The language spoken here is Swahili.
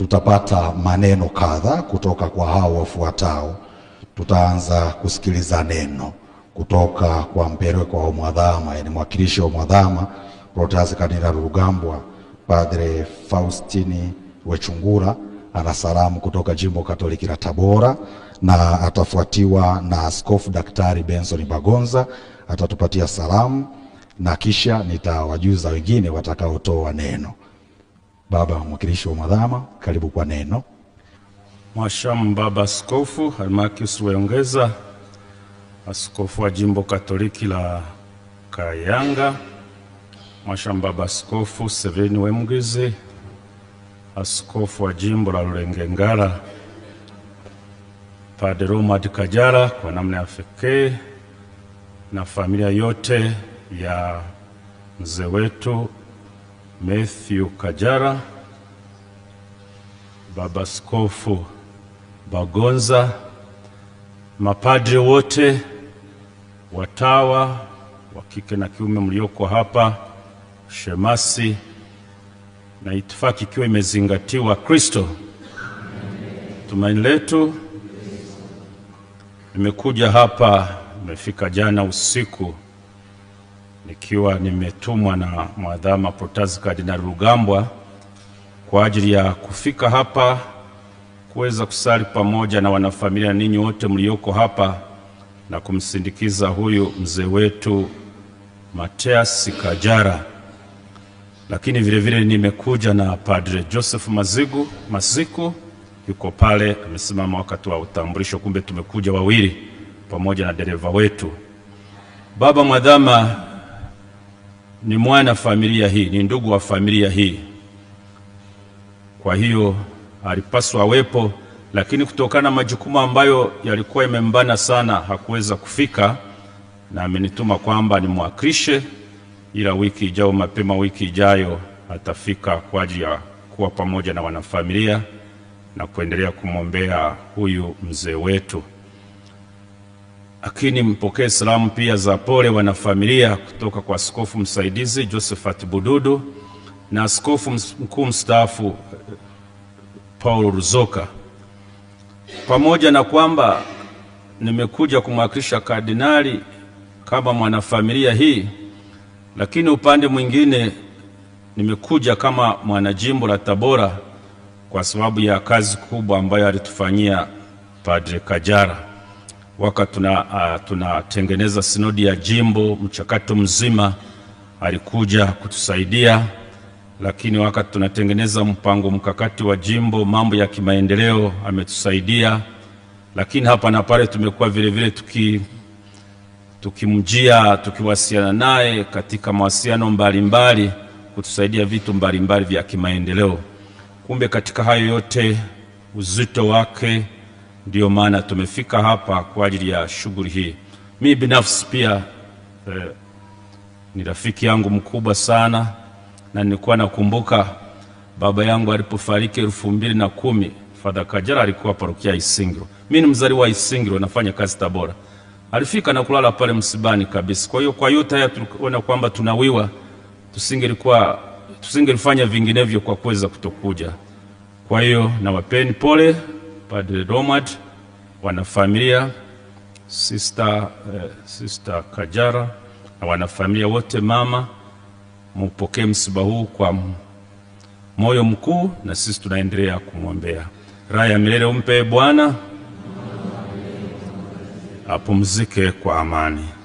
tutapata maneno kadha kutoka kwa hao wafuatao. Tutaanza kusikiliza neno kutoka kwa mpereko wa Mwadhama, yani mwakilishi wa Mwadhama Protasi Kanila Rugambwa, Padre Faustini Wechungura ana salamu kutoka jimbo Katoliki la Tabora, na atafuatiwa na Askofu Daktari Benson Bagonza atatupatia salamu, na kisha nitawajuza wengine watakaotoa neno. Baba mwakilishi wa madhama karibu kwa neno. Mwashamu Baba Askofu Almachius Rweyongeza, askofu wa jimbo Katoliki la Kayanga, Mwashamu Baba Askofu seveni wemgeze askofu wa jimbo la Rulengengara, Padre Romad kajara kwa namna ya pekee na familia yote ya mzee wetu Matthew Kajara, Baba Skofu Bagonza, mapadre wote, watawa wa kike na kiume mlioko hapa, shemasi na itifaki ikiwa imezingatiwa. Kristo tumaini letu. Nimekuja hapa, nimefika jana usiku nikiwa nimetumwa na mwadhama Protasi Kardinali Rugambwa kwa ajili ya kufika hapa kuweza kusali pamoja na wanafamilia ninyi wote mlioko hapa na kumsindikiza huyu mzee wetu Mateas Kajara, lakini vilevile vile nimekuja na Padre Joseph Mazigu Masiku yuko pale amesimama wakati wa utambulisho. Kumbe tumekuja wawili pamoja na dereva wetu baba mwadhama ni mwana familia hii, ni ndugu wa familia hii. Kwa hiyo alipaswa awepo, lakini kutokana na majukumu ambayo yalikuwa yamembana sana hakuweza kufika, na amenituma kwamba nimwakilishe, ila wiki ijayo, mapema wiki ijayo atafika kwa ajili ya kuwa pamoja na wanafamilia na kuendelea kumwombea huyu mzee wetu. Lakini mpokee salamu pia za pole wanafamilia kutoka kwa askofu msaidizi Josephat Bududu na askofu mkuu mstaafu eh, Paul Ruzoka. Pamoja na kwamba nimekuja kumwakilisha kardinali kama mwanafamilia hii, lakini upande mwingine nimekuja kama mwanajimbo la Tabora kwa sababu ya kazi kubwa ambayo alitufanyia Padre Kajara wakati tuna, uh, tunatengeneza sinodi ya jimbo, mchakato mzima alikuja kutusaidia, lakini wakati tunatengeneza mpango mkakati wa jimbo, mambo ya kimaendeleo ametusaidia, lakini hapa na pale tumekuwa vile vile tuki tukimjia tukiwasiliana naye katika mawasiliano mbalimbali kutusaidia vitu mbalimbali mbali vya kimaendeleo. Kumbe katika hayo yote uzito wake Ndiyo maana tumefika hapa kwa ajili ya shughuli hii. Mimi binafsi pia eh, ni rafiki yangu mkubwa sana, na nilikuwa nakumbuka baba yangu alipofariki elfu mbili na kumi Father Kajala alikuwa parokia Isingiro. Mi ni mzaliwa wa Isingiro, nafanya kazi Tabora. Alifika na kulala pale msibani kabisa. Kwa hiyo kwa yote haya tuliona kwamba tunawiwa, tusingelikuwa tusingelifanya vinginevyo kwa kuweza kutokuja. Kwa hiyo nawapeni pole Padre Romad, wanafamilia sister, eh, sister Kajara na wanafamilia wote, mama, mupokee msiba huu kwa moyo mkuu, na sisi tunaendelea kumwombea. Raha ya milele umpe Bwana, apumzike kwa amani.